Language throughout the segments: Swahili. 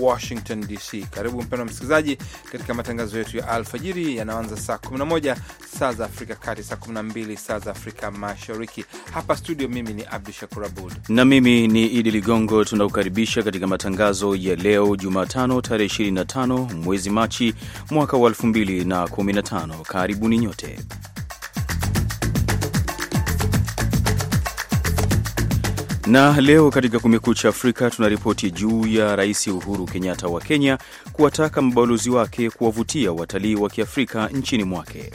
Washington DC. Karibu mpendwa msikilizaji, katika matangazo yetu ya alfajiri yanaanza saa 11 saa za Afrika Kati, saa 12 saa za Afrika Mashariki. Hapa studio, mimi ni Abdu Shakur Abud na mimi ni Idi Ligongo. Tunakukaribisha katika matangazo ya leo Jumatano tarehe 25 mwezi Machi mwaka wa 2015. Karibuni nyote. Na leo katika Kumekucha Afrika tunaripoti juu ya Rais Uhuru Kenyatta wa Kenya kuwataka mabalozi wake kuwavutia watalii wa Kiafrika nchini mwake.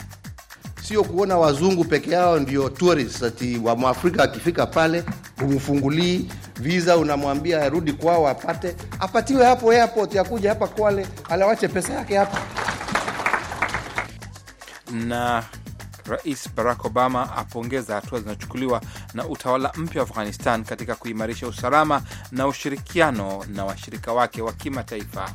Sio kuona wazungu peke yao ndio tourist, ati wa mwafrika akifika pale humfungulii visa, unamwambia arudi kwao apate, apatiwe hapo airport, yakuja hapa Kwale alawache pesa yake hapa na Rais Barack Obama apongeza hatua zinachukuliwa na utawala mpya wa Afghanistan katika kuimarisha usalama na ushirikiano na washirika wake wa kimataifa.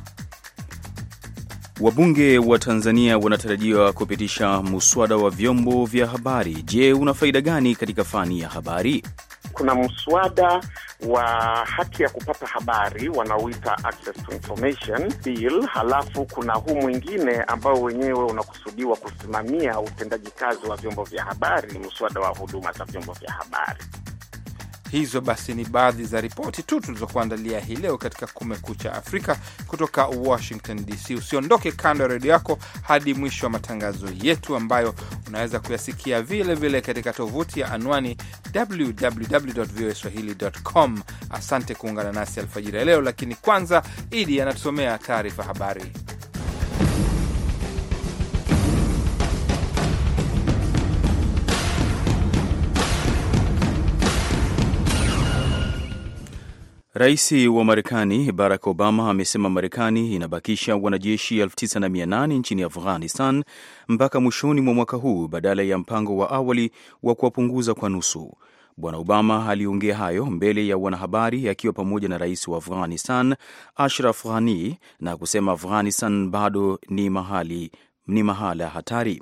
Wabunge wa Tanzania wanatarajiwa kupitisha muswada wa vyombo vya habari. Je, una faida gani katika fani ya habari? Kuna mswada wa haki ya kupata habari wanaoita access to information bill, halafu kuna huu mwingine ambao wenyewe unakusudiwa kusimamia utendaji kazi wa vyombo vya habari, mswada wa huduma za vyombo vya habari. Hizo basi ni baadhi za ripoti tu tulizokuandalia hii leo katika Kumekucha Afrika kutoka Washington DC. Usiondoke kando ya redio yako hadi mwisho wa matangazo yetu, ambayo unaweza kuyasikia vilevile vile katika tovuti ya anwani www voa www.voaswahili.com. Asante kuungana nasi alfajiri ya leo, lakini kwanza Idi anatusomea taarifa habari. Rais wa Marekani Barack Obama amesema Marekani inabakisha wanajeshi 9800 nchini Afghanistan mpaka mwishoni mwa mwaka huu badala ya mpango wa awali wa kuwapunguza kwa nusu. Bwana Obama aliongea hayo mbele ya wanahabari akiwa pamoja na rais wa Afghanistan Ashraf Ghani na kusema Afghanistan bado ni mahali ni mahala hatari.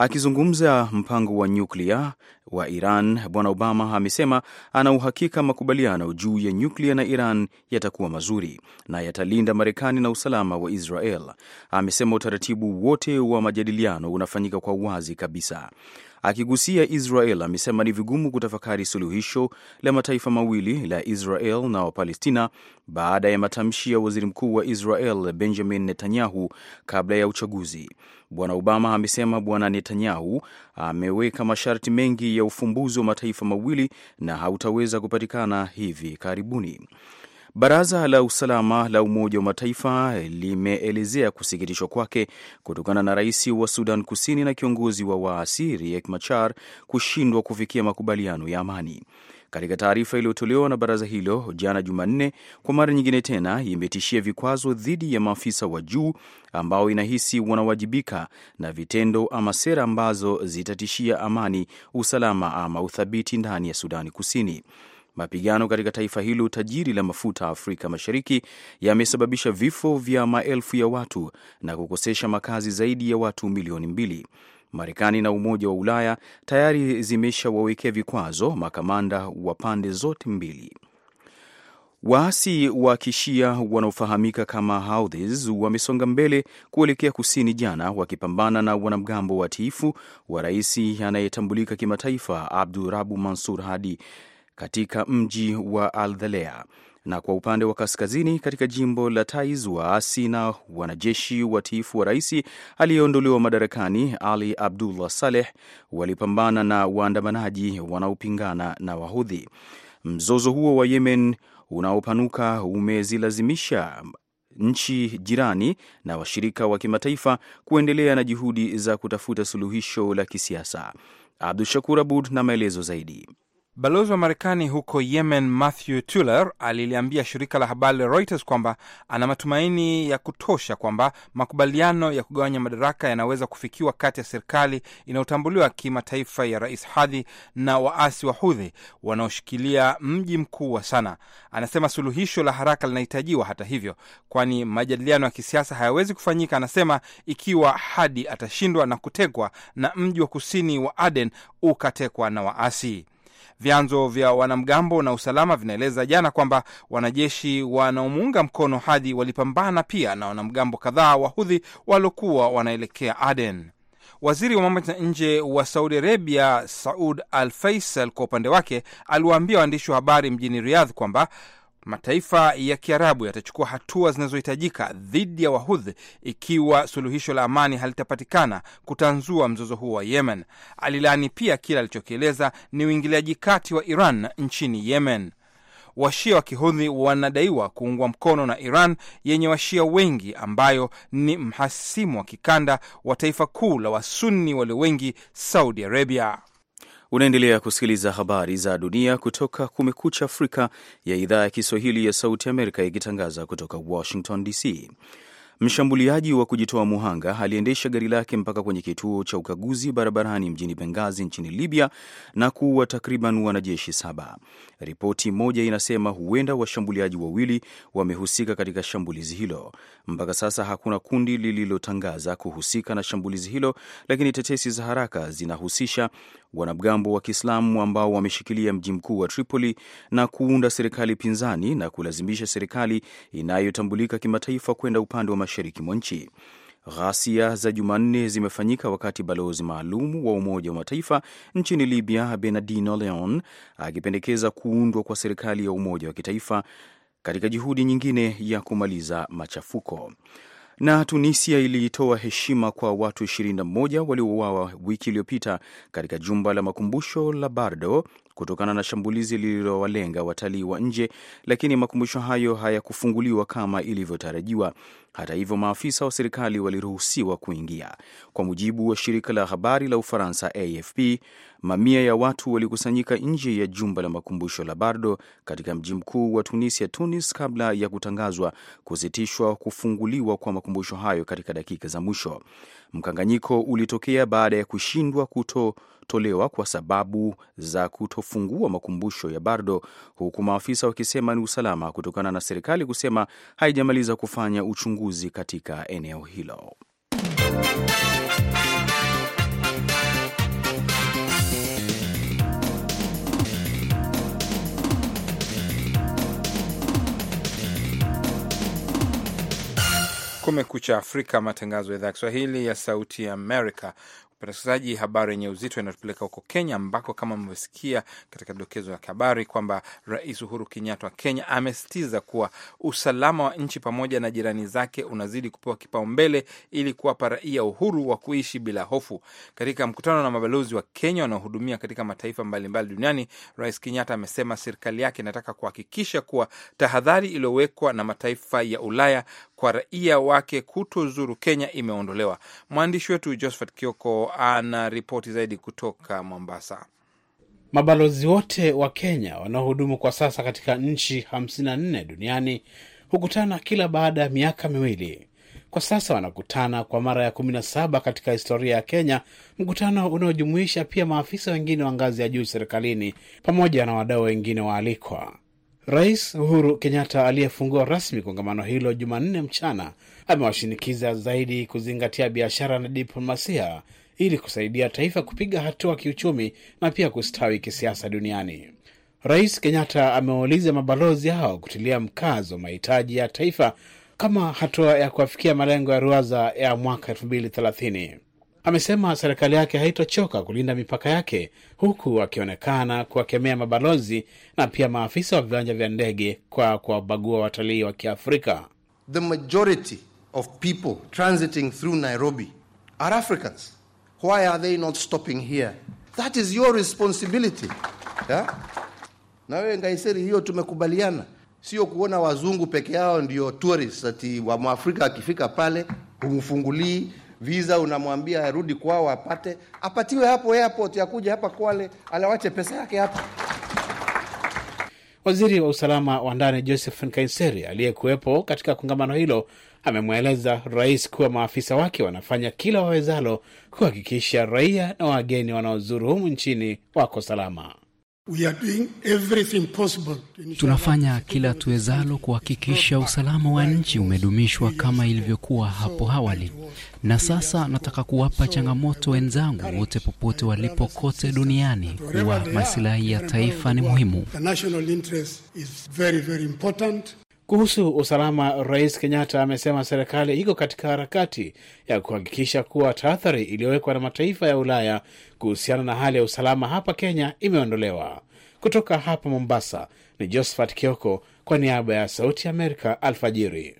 Akizungumza mpango wa nyuklia wa Iran, Bwana Obama amesema ana uhakika makubaliano juu ya nyuklia na Iran yatakuwa mazuri na yatalinda Marekani na usalama wa Israel. Amesema utaratibu wote wa majadiliano unafanyika kwa uwazi kabisa. Akigusia Israel amesema ni vigumu kutafakari suluhisho la mataifa mawili la Israel na Wapalestina baada ya matamshi ya waziri mkuu wa Israel Benjamin Netanyahu kabla ya uchaguzi. Bwana Obama amesema Bwana Netanyahu ameweka masharti mengi ya ufumbuzi wa mataifa mawili na hautaweza kupatikana hivi karibuni. Baraza la usalama la Umoja wa Mataifa limeelezea kusikitishwa kwake kutokana na rais wa Sudan Kusini na kiongozi wa waasi Riek Machar kushindwa kufikia makubaliano ya amani. Katika taarifa iliyotolewa na baraza hilo jana Jumanne, kwa mara nyingine tena imetishia vikwazo dhidi ya maafisa wa juu ambao inahisi wanawajibika na vitendo ama sera ambazo zitatishia amani, usalama ama uthabiti ndani ya Sudani Kusini. Mapigano katika taifa hilo tajiri la mafuta Afrika Mashariki yamesababisha vifo vya maelfu ya watu na kukosesha makazi zaidi ya watu milioni mbili. Marekani na Umoja wa Ulaya tayari zimeshawawekea vikwazo makamanda wa pande zote mbili. Waasi wa kishia wanaofahamika kama Houthis wamesonga mbele kuelekea kusini jana, wakipambana na wanamgambo watiifu wa rais anayetambulika kimataifa Abdurabu Mansur Hadi katika mji wa Aldhalea na kwa upande wa kaskazini katika jimbo la Taiz, waasi na wanajeshi watiifu wa rais aliyeondolewa madarakani Ali Abdullah Saleh walipambana na waandamanaji wanaopingana na Wahudhi. Mzozo huo wa Yemen unaopanuka umezilazimisha nchi jirani na washirika wa kimataifa kuendelea na juhudi za kutafuta suluhisho la kisiasa. Abdu Shakur Abud na maelezo zaidi. Balozi wa Marekani huko Yemen, Matthew Tuller, aliliambia shirika la habari la Reuters kwamba ana matumaini ya kutosha kwamba makubaliano ya kugawanya madaraka yanaweza kufikiwa kati ya serikali inayotambuliwa kimataifa ya Rais hadhi na waasi wa Hudhi wanaoshikilia mji mkuu wa Sana. Anasema suluhisho la haraka linahitajiwa, hata hivyo, kwani majadiliano ya kisiasa hayawezi kufanyika, anasema, ikiwa Hadi atashindwa na kutekwa na mji wa kusini wa Aden ukatekwa na waasi. Vyanzo vya wanamgambo na usalama vinaeleza jana kwamba wanajeshi wanaomuunga mkono Hadi walipambana pia na wanamgambo kadhaa wa hudhi waliokuwa wanaelekea Aden. Waziri wa mambo ya nje wa Saudi Arabia Saud Al Faisal kwa upande wake aliwaambia waandishi wa habari mjini Riyadh kwamba Mataifa ya Kiarabu yatachukua hatua zinazohitajika dhidi ya Wahudhi ikiwa suluhisho la amani halitapatikana kutanzua mzozo huo wa Yemen. Alilaani pia kile alichokieleza ni uingiliaji kati wa Iran nchini Yemen. Washia wa kihudhi wanadaiwa kuungwa mkono na Iran yenye washia wengi, ambayo ni mhasimu wa kikanda wa taifa kuu la wasunni walio wengi, Saudi Arabia. Unaendelea kusikiliza habari za dunia kutoka Kumekucha Afrika ya idhaa ya Kiswahili ya Sauti Amerika, ikitangaza kutoka Washington DC. Mshambuliaji wa kujitoa muhanga aliendesha gari lake mpaka kwenye kituo cha ukaguzi barabarani mjini bengazi nchini Libya na kuua takriban wanajeshi saba. Ripoti moja inasema huenda washambuliaji wawili wamehusika katika shambulizi hilo. Mpaka sasa hakuna kundi lililotangaza kuhusika na shambulizi hilo, lakini tetesi za haraka zinahusisha wanamgambo wa Kiislamu ambao wameshikilia mji mkuu wa Tripoli na kuunda serikali pinzani na kulazimisha serikali inayotambulika kimataifa kwenda upande wa mashariki mwa nchi. Ghasia za Jumanne zimefanyika wakati balozi maalum wa Umoja wa Mataifa nchini Libya Bernardino Leon akipendekeza kuundwa kwa serikali ya umoja wa kitaifa katika juhudi nyingine ya kumaliza machafuko. Na Tunisia ilitoa heshima kwa watu 21 waliouawa wiki iliyopita katika jumba la makumbusho la Bardo kutokana na shambulizi lililowalenga watalii wa nje, lakini makumbusho hayo hayakufunguliwa kama ilivyotarajiwa. Hata hivyo, maafisa wa serikali waliruhusiwa kuingia. Kwa mujibu wa shirika la habari la Ufaransa AFP, mamia ya watu walikusanyika nje ya jumba la makumbusho la Bardo katika mji mkuu wa Tunisia, Tunis, kabla ya kutangazwa kusitishwa kufunguliwa kwa makumbusho hayo katika dakika za mwisho. Mkanganyiko ulitokea baada ya kushindwa kuto kutolewa kwa sababu za kutofungua makumbusho ya Bardo, huku maafisa wakisema ni usalama kutokana na serikali kusema haijamaliza kufanya uchunguzi katika eneo hilo. Kumekucha Afrika, matangazo ya idhaa ya Kiswahili ya Sauti ya Amerika. Upenda habari yenye uzito inatupeleka huko Kenya, ambako kama mmesikia katika dokezo ya habari kwamba Rais Uhuru Kenyatta wa Kenya amesitiza kuwa usalama wa nchi pamoja na jirani zake unazidi kupewa kipaumbele ili kuwapa raia uhuru wa kuishi bila hofu. Katika mkutano na mabalozi wa Kenya wanaohudumia katika mataifa mbalimbali duniani, Rais Kenyatta amesema serikali yake inataka kuhakikisha kuwa tahadhari iliyowekwa na mataifa ya Ulaya kwa raia wake kutozuru Kenya imeondolewa. Mwandishi wetu Josephat Kioko ana ripoti zaidi kutoka Mombasa. Mabalozi wote wa Kenya wanaohudumu kwa sasa katika nchi 54 duniani hukutana kila baada ya miaka miwili. Kwa sasa wanakutana kwa mara ya 17 katika historia ya Kenya, mkutano unaojumuisha pia maafisa wengine wa ngazi ya juu serikalini pamoja na wadau wengine waalikwa. Rais Uhuru Kenyatta aliyefungua rasmi kongamano hilo Jumanne mchana amewashinikiza zaidi kuzingatia biashara na diplomasia ili kusaidia taifa kupiga hatua kiuchumi na pia kustawi kisiasa duniani. Rais Kenyatta amewauliza mabalozi hao kutilia mkazo mahitaji ya taifa kama hatua ya kuafikia malengo ya ruwaza ya mwaka elfu mbili thelathini. Amesema serikali yake haitochoka kulinda mipaka yake, huku akionekana kuwakemea mabalozi na pia maafisa wa viwanja vya ndege kwa kuwabagua watalii wa Kiafrika. The majority of people transiting through Nairobi are Africans. Why are they not stopping here? That is your responsibility yeah? Na wewe Ngaiseri, hiyo tumekubaliana, sio kuona wazungu peke yao ndio tourists, ati wa mwafrika akifika pale humfungulii visa, unamwambia arudi kwao apate, apatiwe hapo airport ya kuja hapa Kwale, alawache pesa yake hapa. Waziri wa usalama wa ndani Joseph kainseri aliyekuwepo katika kongamano hilo amemweleza rais kuwa maafisa wake wanafanya kila wawezalo kuhakikisha raia na wageni wanaozuru humu nchini wako salama. We are doing everything possible. Tunafanya kila tuwezalo kuhakikisha usalama wa nchi umedumishwa kama ilivyokuwa hapo awali. Na sasa nataka kuwapa changamoto wenzangu wote popote walipo kote duniani kuwa masilahi ya taifa ni muhimu. Kuhusu usalama, Rais Kenyatta amesema serikali iko katika harakati ya kuhakikisha kuwa tahadhari iliyowekwa na mataifa ya Ulaya kuhusiana na hali ya usalama hapa Kenya imeondolewa. Kutoka hapa Mombasa ni Josephat Kioko kwa niaba ya Sauti ya Amerika, alfajiri.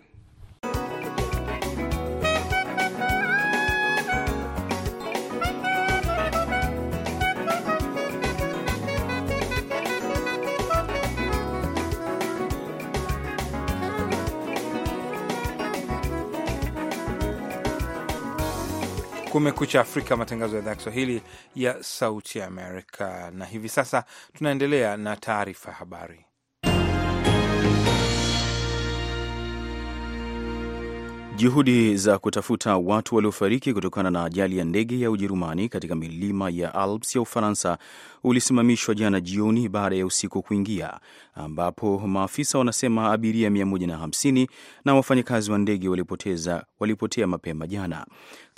Kumekucha Afrika, matangazo ya idhaa ya Kiswahili ya Sauti ya Amerika. Na hivi sasa tunaendelea na taarifa ya habari. Juhudi za kutafuta watu waliofariki kutokana na ajali ya ndege ya Ujerumani katika milima ya Alps ya Ufaransa ulisimamishwa jana jioni baada ya usiku kuingia, ambapo maafisa wanasema abiria 150 na wafanyakazi wa ndege walipotea mapema jana.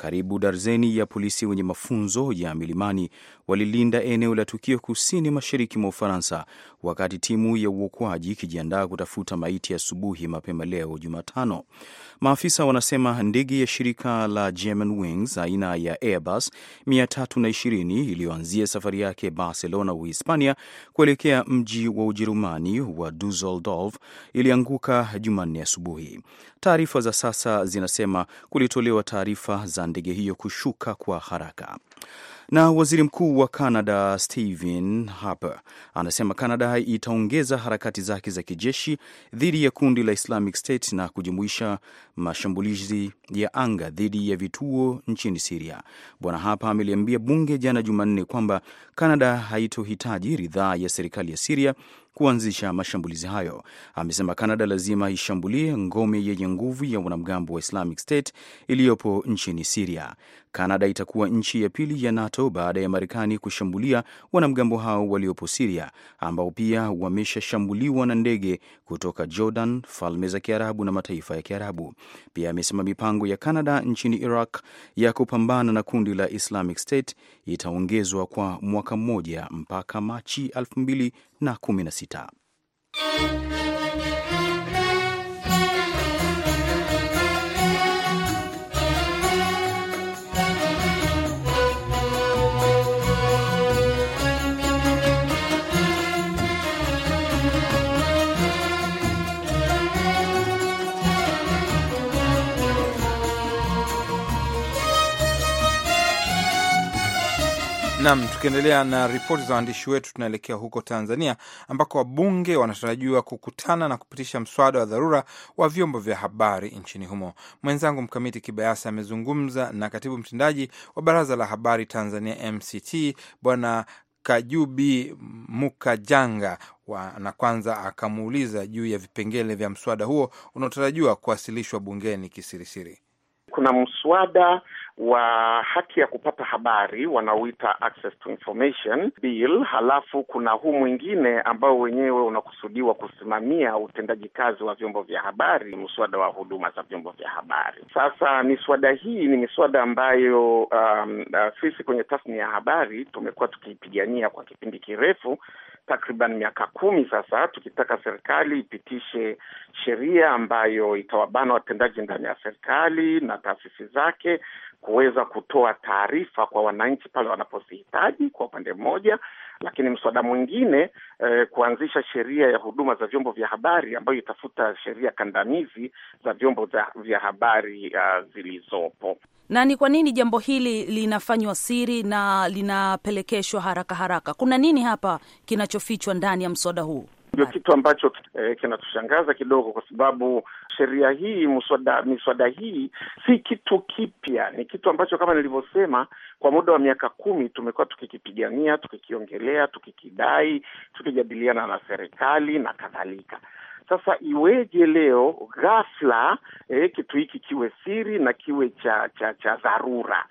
Karibu darzeni ya polisi wenye mafunzo ya milimani walilinda eneo la tukio kusini mashariki mwa Ufaransa wakati timu ya uokoaji ikijiandaa kutafuta maiti asubuhi mapema leo Jumatano. Maafisa wanasema ndege ya shirika la Wings aina ya Airbus 320 iliyoanzia safari yake Barcelona, Uhispania kuelekea mji wa Ujerumani wa Dusseldorf ilianguka Jumanne asubuhi. Taarifa za sasa zinasema kulitolewa taarifa za ndege hiyo kushuka kwa haraka. Na waziri mkuu wa Canada Stephen Harper anasema Canada itaongeza harakati zake za kijeshi dhidi ya kundi la Islamic State na kujumuisha mashambulizi ya anga dhidi ya vituo nchini Siria. Bwana Harper ameliambia bunge jana Jumanne kwamba Canada haitohitaji ridhaa ya serikali ya Siria kuanzisha mashambulizi hayo. Amesema Canada lazima ishambulie ngome yenye nguvu ya wanamgambo wa Islamic State iliyopo nchini Siria. Canada itakuwa nchi ya pili ya NATO baada ya Marekani kushambulia wanamgambo hao waliopo Siria, ambao pia wameshashambuliwa na ndege kutoka Jordan, Falme za Kiarabu na mataifa ya Kiarabu. Pia amesema mipango ya Canada nchini Iraq ya kupambana na kundi la Islamic State itaongezwa kwa mwaka mmoja mpaka Machi 2016. sita. Nam, tukiendelea na ripoti za waandishi wetu, tunaelekea huko Tanzania ambako wabunge wanatarajiwa kukutana na kupitisha mswada wa dharura wa vyombo vya habari nchini humo. Mwenzangu Mkamiti Kibayasi amezungumza na katibu mtendaji wa Baraza la Habari Tanzania, MCT, Bwana Kajubi Mukajanga wa, na kwanza akamuuliza juu ya vipengele vya mswada huo unaotarajiwa kuwasilishwa bungeni kisirisiri. Kuna mswada wa haki ya kupata habari wanaoita access to information bill, halafu kuna huu mwingine ambao wenyewe unakusudiwa kusimamia utendaji kazi wa vyombo vya habari, mswada wa huduma za vyombo vya habari. Sasa miswada hii ni miswada ambayo um, uh, sisi kwenye tasnia ya habari tumekuwa tukiipigania kwa kipindi kirefu takriban miaka kumi sasa, tukitaka serikali ipitishe sheria ambayo itawabana watendaji ndani ya serikali na taasisi zake kuweza kutoa taarifa kwa wananchi pale wanapozihitaji kwa upande mmoja, lakini mswada mwingine eh, kuanzisha sheria ya huduma za vyombo vya habari ambayo itafuta sheria kandamizi za vyombo vya habari uh, zilizopo. Na ni kwa nini jambo hili linafanywa siri na linapelekeshwa haraka haraka? Kuna nini hapa kinachofichwa ndani ya mswada huu? Ndio kitu ambacho eh, kinatushangaza kidogo, kwa sababu sheria hii muswada, miswada hii si kitu kipya, ni kitu ambacho kama nilivyosema, kwa muda wa miaka kumi tumekuwa tukikipigania, tukikiongelea, tukikidai, tukijadiliana na serikali na kadhalika. Sasa iweje leo ghafla eh, kitu hiki kiwe siri na kiwe cha cha cha dharura?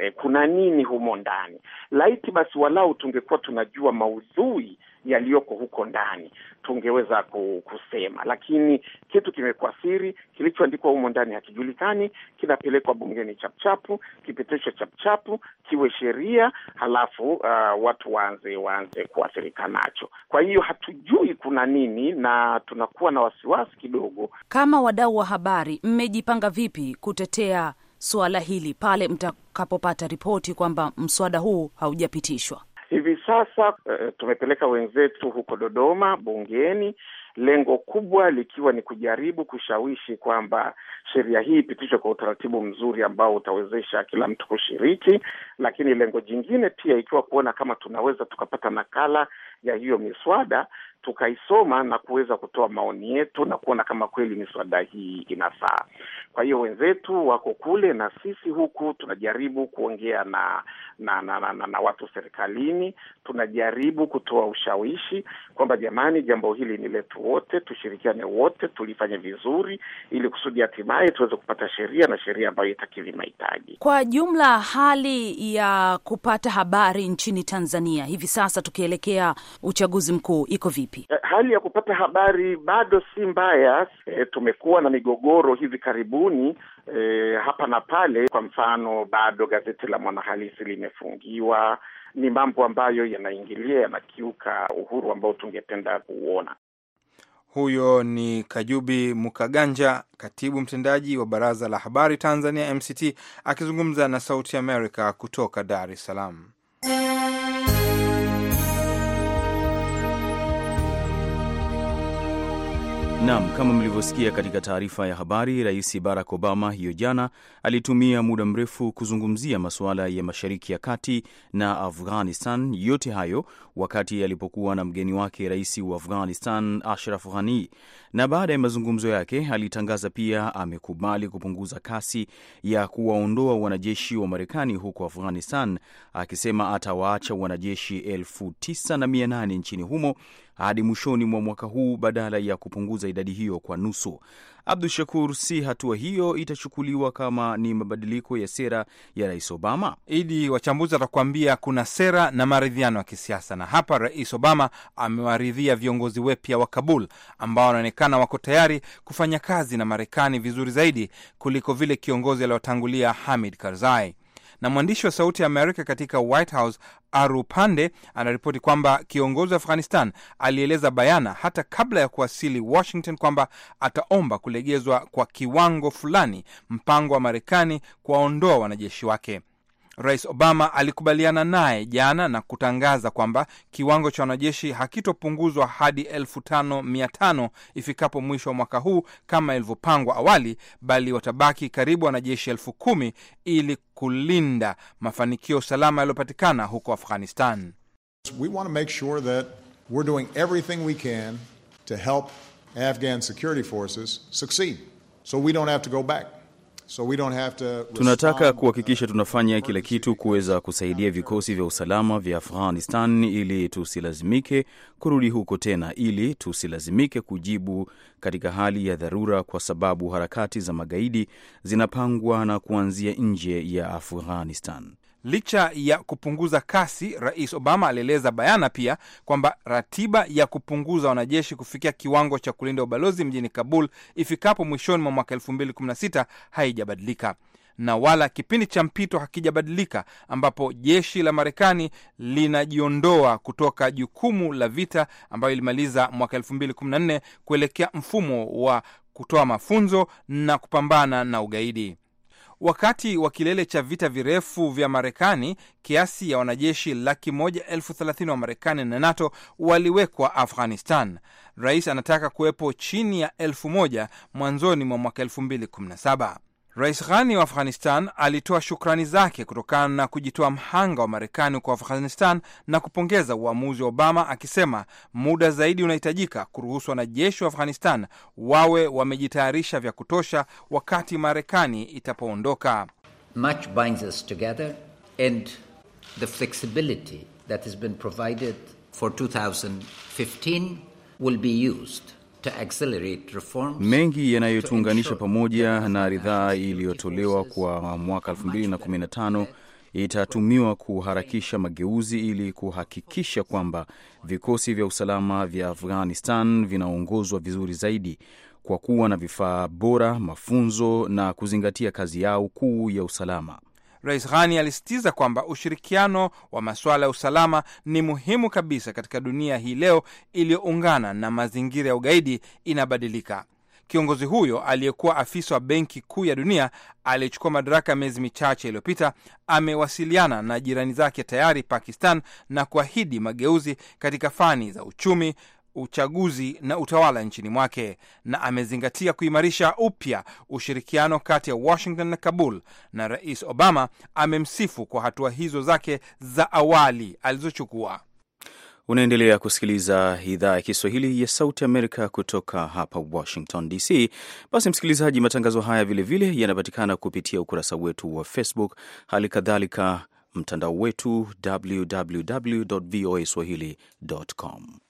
eh, kuna nini humo ndani. Laiti basi walau tungekuwa tunajua maudhui yaliyoko huko ndani tungeweza kusema, lakini kitu kimekuwa siri. Kilichoandikwa humo ndani hakijulikani, kinapelekwa bungeni chapchapu, kipitishwe chapchapu, kiwe sheria, halafu uh, watu waanze waanze kuathirika nacho. Kwa hiyo hatujui kuna nini na tunakuwa na wasiwasi kidogo. Kama wadau wa habari, mmejipanga vipi kutetea suala hili pale mtakapopata ripoti kwamba mswada huu haujapitishwa? Hivi sasa uh, tumepeleka wenzetu huko Dodoma bungeni, lengo kubwa likiwa ni kujaribu kushawishi kwamba sheria hii ipitishwe kwa utaratibu mzuri ambao utawezesha kila mtu kushiriki, lakini lengo jingine pia ikiwa kuona kama tunaweza tukapata nakala ya hiyo miswada tukaisoma na kuweza kutoa maoni yetu na kuona kama kweli miswada hii inafaa. Kwa hiyo wenzetu wako kule na sisi huku tunajaribu kuongea na na, na, na, na, na watu serikalini, tunajaribu kutoa ushawishi kwamba jamani, jambo hili ni letu wote, tushirikiane wote, tulifanye vizuri ili kusudi hatimaye tuweze kupata sheria na sheria ambayo itakili mahitaji. Kwa jumla, hali ya kupata habari nchini Tanzania hivi sasa tukielekea uchaguzi mkuu iko vipi? Eh, hali ya kupata habari bado si mbaya. E, tumekuwa na migogoro hivi karibuni e, hapa na pale. Kwa mfano, bado gazeti la Mwanahalisi limefungiwa. Ni mambo ambayo yanaingilia, yanakiuka uhuru ambao tungependa kuuona. Huyo ni Kajubi Mukaganja, katibu mtendaji wa Baraza la Habari Tanzania, MCT, akizungumza na Sauti america kutoka Dar es Salaam. nam kama mlivyosikia katika taarifa ya habari, Rais Barack Obama hiyo jana alitumia muda mrefu kuzungumzia masuala ya Mashariki ya Kati na Afghanistan. Yote hayo wakati alipokuwa na mgeni wake Rais wa Afghanistan Ashraf Ghani, na baada ya mazungumzo yake alitangaza pia amekubali kupunguza kasi ya kuwaondoa wanajeshi wa Marekani huko Afghanistan, akisema atawaacha wanajeshi elfu tisa na mia nane nchini humo hadi mwishoni mwa mwaka huu badala ya kupunguza idadi hiyo kwa nusu. Abdu Shakur, si hatua hiyo itachukuliwa kama ni mabadiliko ya sera ya Rais Obama? Idi, wachambuzi watakuambia kuna sera na maridhiano ya kisiasa, na hapa Rais Obama amewaridhia viongozi wapya wa Kabul ambao wanaonekana wako tayari kufanya kazi na Marekani vizuri zaidi kuliko vile kiongozi aliyotangulia Hamid Karzai. Na mwandishi wa Sauti ya Amerika katika White House Aru Pande anaripoti kwamba kiongozi wa Afghanistan alieleza bayana hata kabla ya kuwasili Washington kwamba ataomba kulegezwa kwa kiwango fulani mpango wa Marekani kuwaondoa wanajeshi wake. Rais Obama alikubaliana naye jana na kutangaza kwamba kiwango cha wanajeshi hakitopunguzwa hadi elfu tano mia tano ifikapo mwisho wa mwaka huu kama ilivyopangwa awali, bali watabaki karibu wanajeshi elfu kumi ili kulinda mafanikio salama yaliyopatikana huko Afghanistan. We want to make sure that we're doing everything we can to help Afghan security forces succeed so we don't have to go back. So we don't have to... tunataka uh, kuhakikisha tunafanya kila kitu kuweza kusaidia vikosi vya usalama vya Afghanistan ili tusilazimike kurudi huko tena, ili tusilazimike kujibu katika hali ya dharura, kwa sababu harakati za magaidi zinapangwa na kuanzia nje ya Afghanistan. Licha ya kupunguza kasi, Rais Obama alieleza bayana pia kwamba ratiba ya kupunguza wanajeshi kufikia kiwango cha kulinda ubalozi mjini Kabul ifikapo mwishoni mwa mwaka 2016 haijabadilika na wala kipindi cha mpito hakijabadilika, ambapo jeshi la Marekani linajiondoa kutoka jukumu la vita ambayo ilimaliza mwaka 2014 kuelekea mfumo wa kutoa mafunzo na kupambana na ugaidi. Wakati wa kilele cha vita virefu vya Marekani, kiasi ya wanajeshi laki moja elfu thelathini wa Marekani na NATO waliwekwa Afghanistan. Rais anataka kuwepo chini ya elfu moja mwanzoni mwa mwaka elfu mbili kumi na saba. Rais Ghani wa Afghanistan alitoa shukrani zake kutokana na kujitoa mhanga wa Marekani kwa Afghanistan na kupongeza uamuzi wa Obama akisema muda zaidi unahitajika kuruhusu wanajeshi wa Afghanistan wawe wamejitayarisha vya kutosha wakati Marekani itapoondoka. Much binds us together and the flexibility that has been provided for 2015 will be used mengi yanayotuunganisha pamoja na ridhaa iliyotolewa kwa mwaka 2015 itatumiwa kuharakisha mageuzi ili kuhakikisha kwamba vikosi vya usalama vya Afghanistan vinaongozwa vizuri zaidi kwa kuwa na vifaa bora, mafunzo na kuzingatia kazi yao kuu ya usalama. Rais Ghani alisisitiza kwamba ushirikiano wa masuala ya usalama ni muhimu kabisa katika dunia hii leo iliyoungana na mazingira ya ugaidi inabadilika. Kiongozi huyo aliyekuwa afisa wa Benki Kuu ya Dunia aliyechukua madaraka miezi michache iliyopita amewasiliana na jirani zake tayari Pakistan na kuahidi mageuzi katika fani za uchumi, uchaguzi na utawala nchini mwake na amezingatia kuimarisha upya ushirikiano kati ya Washington na Kabul, na Rais Obama amemsifu kwa hatua hizo zake za awali alizochukua. Unaendelea kusikiliza idhaa ya Kiswahili ya Sauti Amerika kutoka hapa Washington DC. Basi msikilizaji, matangazo haya vilevile yanapatikana kupitia ukurasa wetu wa Facebook, hali kadhalika mtandao wetu www voa swahili.com.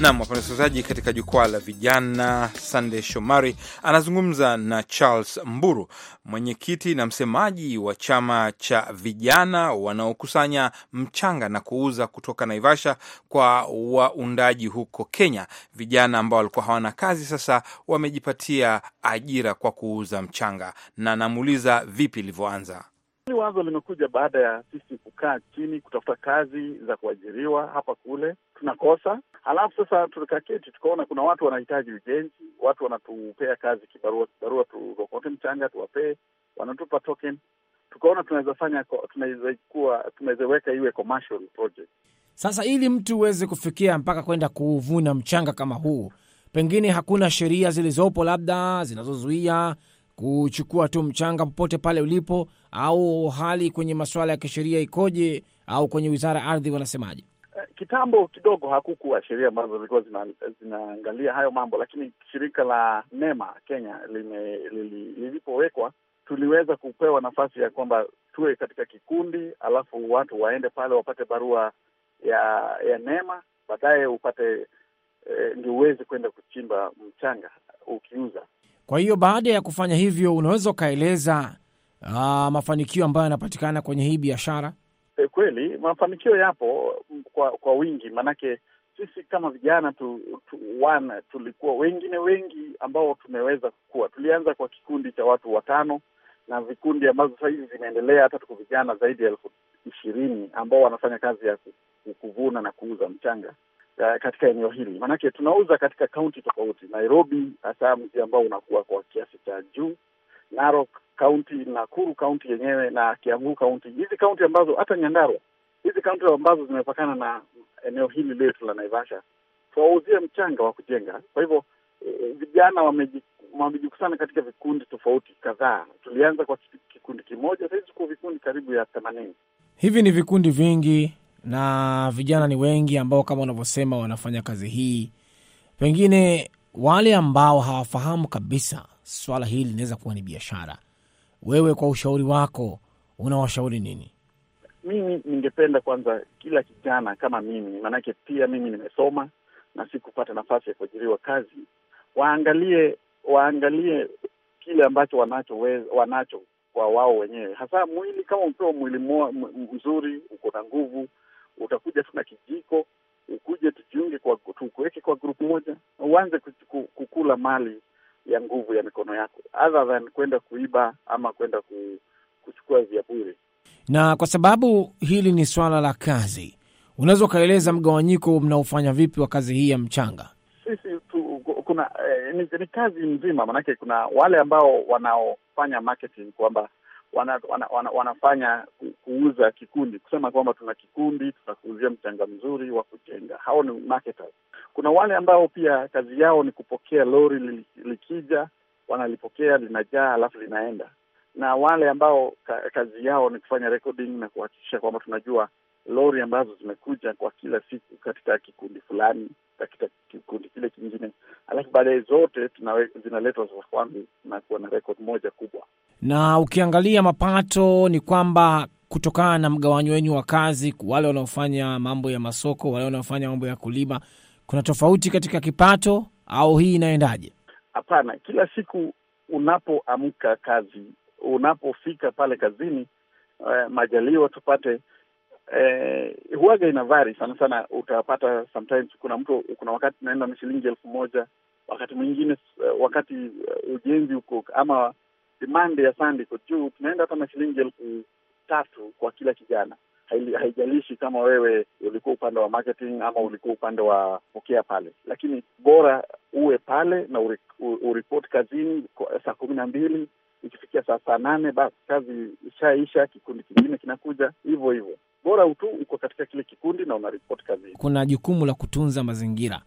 Nam wapenda wasikilizaji, katika jukwaa la vijana, Sandey Shomari anazungumza na Charles Mburu, mwenyekiti na msemaji wa chama cha vijana wanaokusanya mchanga na kuuza kutoka Naivasha kwa waundaji huko Kenya. Vijana ambao walikuwa hawana kazi sasa wamejipatia ajira kwa kuuza mchanga, na namuuliza vipi ilivyoanza. Hili wazo limekuja baada ya sisi kukaa chini kutafuta kazi za kuajiriwa hapa kule, tunakosa. Halafu sasa keti tukaona kuna watu wanahitaji ujenzi, watu wanatupea kazi kibarua kibarua, tuokote mchanga tuwapee, wanatupa token. Tukaona tunaweza fanya, tunaweza kuwa, tunaweza weka iwe commercial project. Sasa ili mtu uweze kufikia mpaka kwenda kuvuna mchanga kama huu, pengine hakuna sheria zilizopo labda zinazozuia kuchukua tu mchanga popote pale ulipo, au hali kwenye masuala ya kisheria ikoje, au kwenye wizara ya ardhi wanasemaje? Eh, kitambo kidogo hakukuwa sheria ambazo zilikuwa zina, zinaangalia hayo mambo, lakini shirika la NEMA Kenya lilipowekwa tuliweza kupewa nafasi ya kwamba tuwe katika kikundi, alafu watu waende pale wapate barua ya ya NEMA, baadaye upate eh, ndio uweze kwenda kuchimba mchanga ukiuza. Kwa hiyo baada ya kufanya hivyo, unaweza ukaeleza ah, mafanikio ambayo yanapatikana kwenye hii biashara? E, kweli mafanikio yapo kwa kwa wingi, maanake sisi kama vijana tu, tu, wana tulikuwa wengine wengi ambao tumeweza kukua. Tulianza kwa kikundi cha watu watano na vikundi ambazo sasa hivi hata tuko vijana zaidi ya elfu ishirini ambao wanafanya kazi ya kuvuna na kuuza mchanga uh, katika eneo hili, maanake tunauza katika kaunti tofauti. Nairobi hasa mji ambao unakuwa kwa kiasi cha juu, Narok kaunti, Nakuru kaunti yenyewe na Kiambu kaunti, hizi kaunti ambazo hata Nyandarua, hizi kaunti ambazo zimepakana na eneo hili letu la Naivasha, tuwauzie mchanga wa kujenga. Kwa hivyo e, vijana wamejikusana katika vikundi tofauti kadhaa. Tulianza kwa kikundi kimoja, sahizi tuko vikundi karibu ya themanini hivi. Ni vikundi vingi na vijana ni wengi ambao kama unavyosema wanafanya kazi hii. Pengine wale ambao hawafahamu kabisa swala hili linaweza kuwa ni biashara, wewe kwa ushauri wako unawashauri nini? Mimi ningependa kwanza, kila kijana kama mimi, maanake pia mimi nimesoma na sikupata nafasi ya kuajiriwa kazi, waangalie waangalie kile ambacho wanacho we, wanacho kwa wao wenyewe, hasa mwili. Kama umpewa mwili mzuri, uko na nguvu utakuja tu na kijiko ukuje tujiunge kwa, tukuweke kwa grupu moja, uanze kukula mali ya nguvu ya mikono yako other than kwenda kuiba ama kwenda kuchukua vya bure. Na kwa sababu hili ni swala la kazi, unaweza ukaeleza mgawanyiko mnaofanya vipi wa kazi hii ya mchanga? Sisi tu, kuna eh, ni, ni kazi nzima, manake kuna wale ambao wanaofanya marketing kwamba wana, wana, wana, wanafanya kuuza kikundi, kusema kwamba tuna kikundi, tunakuuzia mchanga mzuri wa kujenga. Hao ni marketers. Kuna wale ambao pia kazi yao ni kupokea lori likija, wanalipokea linajaa, alafu linaenda, na wale ambao kazi yao ni kufanya recording na kuhakikisha kwamba tunajua lori ambazo zimekuja kwa kila siku katika kikundi fulani katika kikundi kile kingine, alafu baadaye zote zinaletwa Zakwambi na kuwa na rekodi moja kubwa. Na ukiangalia mapato ni kwamba kutokana na mgawanyo wenyu wa kazi, wale wanaofanya mambo ya masoko, wale wanaofanya mambo ya kulima, kuna tofauti katika kipato au hii inaendaje? Hapana, kila siku unapoamka kazi, unapofika pale kazini, uh, eh, majaliwa tupate eh, huaga ina vari sana sana, utapata sometimes kuna mtu, kuna wakati naenda na shilingi elfu moja wakati mwingine, eh, wakati uh, ujenzi uko ama demand ya sandi iko juu, tunaenda hata na shilingi elfu tatu kwa kila kijana. Haijalishi kama wewe ulikuwa upande wa marketing ama ulikuwa upande wa pokea pale, lakini bora uwe pale na uripoti kazini saa kumi na mbili ikifikia saa saa nane basi kazi ishaisha, kikundi kingine kinakuja hivyo hivyo bora tu uko katika kile kikundi na unaripoti kazini. Kuna jukumu la kutunza mazingira.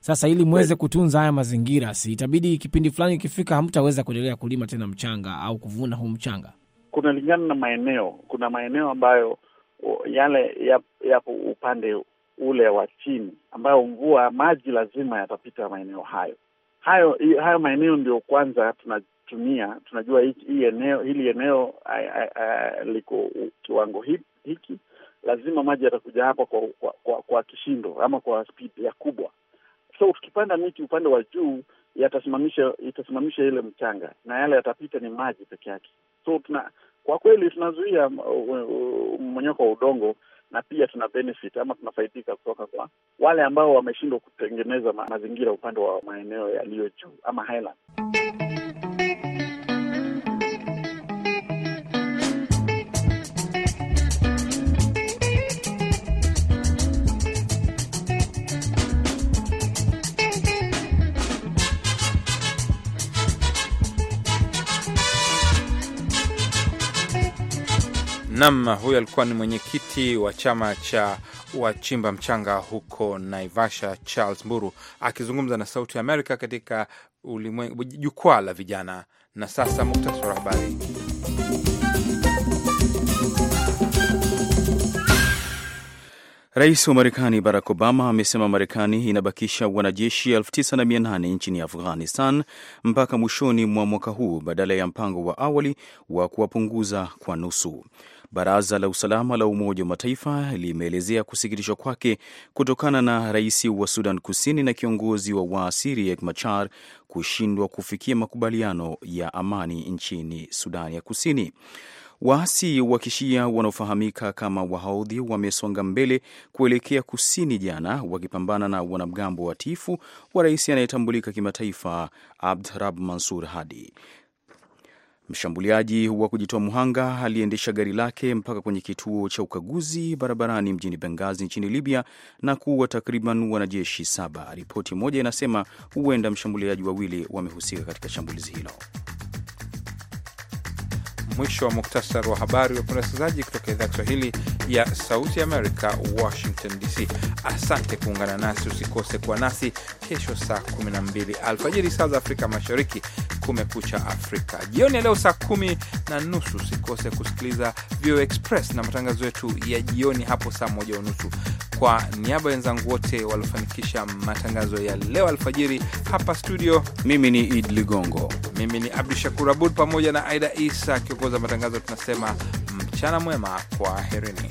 Sasa ili mweze kutunza haya mazingira, si itabidi kipindi fulani ikifika hamtaweza kuendelea kulima tena mchanga au kuvuna huu mchanga? Kunalingana na maeneo. Kuna maeneo ambayo yale yapo ya upande ule wa chini, ambayo mvua maji lazima yatapita maeneo hayo hayo hayo maeneo ndio kwanza tunatumia, tunajua hii eneo hili eneo liko kiwango hiki, lazima maji yatakuja hapa kwa kwa, kwa, kwa kishindo ama kwa spidi ya kubwa. So tukipanda miti upande wa juu yatasimamisha itasimamisha ile mchanga na yale yatapita ni maji peke yake. So tuna kwa kweli tunazuia uh, uh, mmonyoko wa udongo na pia tuna benefit ama tunafaidika kutoka kwa wale ambao wameshindwa kutengeneza mazingira upande wa maeneo yaliyo juu ama highland. Nam huyo alikuwa ni mwenyekiti wa chama cha wachimba mchanga huko Naivasha, Charles Mburu akizungumza na Sauti ya Amerika katika jukwaa la vijana. Na sasa muktasari wa habari. Rais wa Marekani Barack Obama amesema Marekani inabakisha wanajeshi 9800 nchini Afghanistan mpaka mwishoni mwa mwaka huu badala ya mpango wa awali wa kuwapunguza kwa nusu. Baraza la Usalama la Umoja wa Mataifa limeelezea kusikitishwa kwake kutokana na rais wa Sudan Kusini na kiongozi wa waasi Riek Machar kushindwa kufikia makubaliano ya amani nchini Sudan ya Kusini. Waasi wa kishia wanaofahamika kama Wahaudhi wamesonga mbele kuelekea kusini jana, wakipambana na wanamgambo watifu wa rais anayetambulika kimataifa Abd Mansur Hadi. Mshambuliaji wa kujitoa muhanga aliendesha gari lake mpaka kwenye kituo cha ukaguzi barabarani mjini Bengazi nchini Libya na kuua takriban wanajeshi saba. Ripoti moja inasema huenda mshambuliaji wawili wamehusika katika shambulizi hilo. Mwisho wa muktasari wa habari. Wapenzi wasikilizaji, kutoka idhaa Kiswahili ya Sauti Amerika, Washington DC. Asante kuungana nasi, usikose kuwa nasi kesho saa 12 alfajiri saa za Afrika Mashariki, Kumekucha Afrika. Jioni ya leo saa kumi na nusu usikose kusikiliza VOA Express na matangazo yetu ya jioni hapo saa moja unusu. Kwa niaba ya wenzangu wote waliofanikisha matangazo ya leo alfajiri hapa studio, mimi ni Idi Ligongo, mimi ni Abdu Shakur Abud pamoja na Aida Isa akiongoza matangazo, tunasema Mchana mwema, kwa herini.